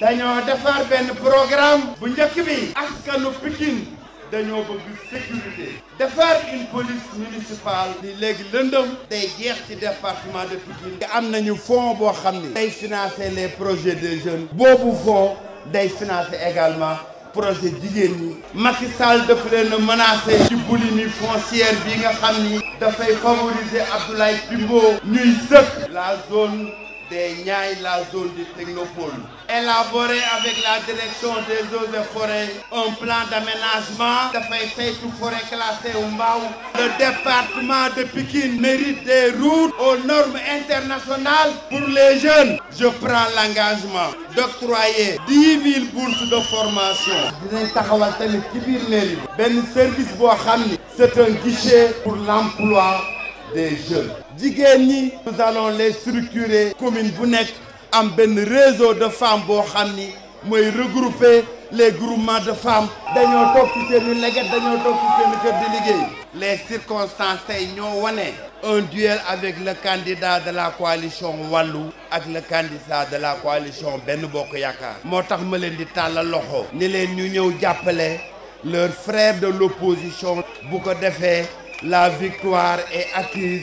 dañoo defar benn programme bu njëkk bi askanu Pikine dañoo bëgg sécurité defar une police municipale li léegi lëndëm day jeex ci département de Pikine am nañu fonds boo xam ni day financer les projets des jeunes boobu fonds day financer également projet jigéen ñi Macky Sall dafa leen a menacé ci boulimie foncière bi nga xam ni dafay favoriser Abdoulaye Timbo ñuy sëkk la zone des ñaay la zone du Technopole élaboré avec la direction des eaux et forêts un plan d'aménagement de saytu forêt classée au le département de Pékin mérite des routes aux normes internationales pour les jeunes je prends l'engagement d'octroyer 10 000 bourses de formation service c'est un guichet pour l'emploi des jeunes Digeni, nous allons les structurer comme une bounette am ben réseau de femmes qui xamni moy regrouper les groupements de femmes les circonstances tay ño wane un duel avec le candidat de la coalition Wallou ak le candidat de la coalition Ben Bokk Yakar motax ma len di talal loxo ni len ñu ñew leur frère de l'opposition bu ko faits, la victoire est acquise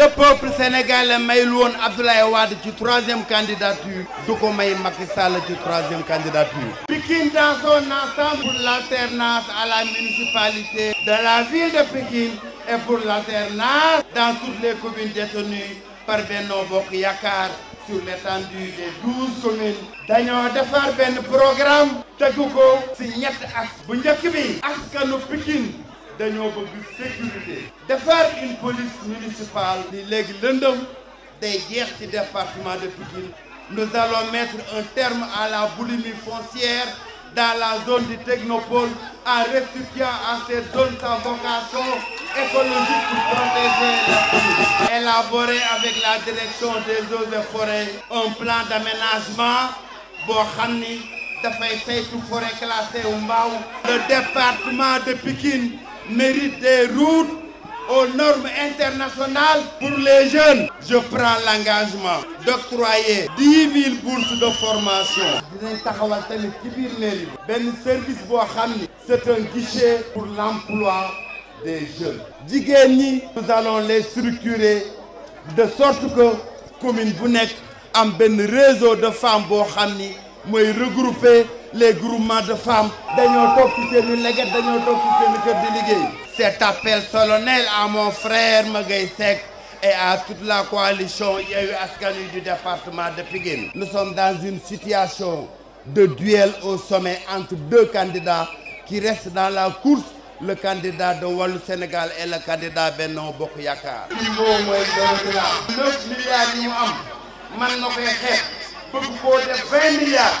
le peuple sénégalais m'a Abdoulaye Wade du troisième candidature Doukoumaï ko du troisième candidature Pikine dans son ensemble pour l'alternance à la municipalité de la ville de Pékin et pour l'alternance dans toutes les communes détenues par Benno Bokk sur l'étendue des douze communes de faire un programme de Google, c'est ñett axe bu njëkk bi Pékin dañoo de sécurité faire une police municipale de l'église du département de Pékin. nous allons mettre un terme à la boulimie foncière dans la zone du technopole en restituant à ces zones sa vocation écologique pour protéger Élaborer avec la direction des eaux et forêts un plan d'aménagement pour forêt classée le département de Pékin mérite des routes aux normes internationales pour les jeunes. Je prends l'engagement d'octroyer 10 000 bourses de formation. Ben service c'est un guichet pour l'emploi des jeunes. nous allons les structurer de sorte que comme une nekk am réseau de femmes regroupées, les groupements de femmes dañoo toog ci cet appel solennel à mon frère Magueye et à toute la coalition eu un du département de Pikine nous sommes dans une situation de duel au sommet entre deux candidats qui restent dans la course le candidat de Wallou Sénégal et le candidat Benno Bokk Yakaar milliards yi milliards